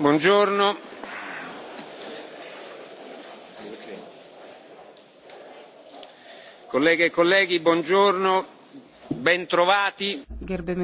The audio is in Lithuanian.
Buongiorno. Colleghe e colleghi, buongiorno, bentrovati. Gerbiami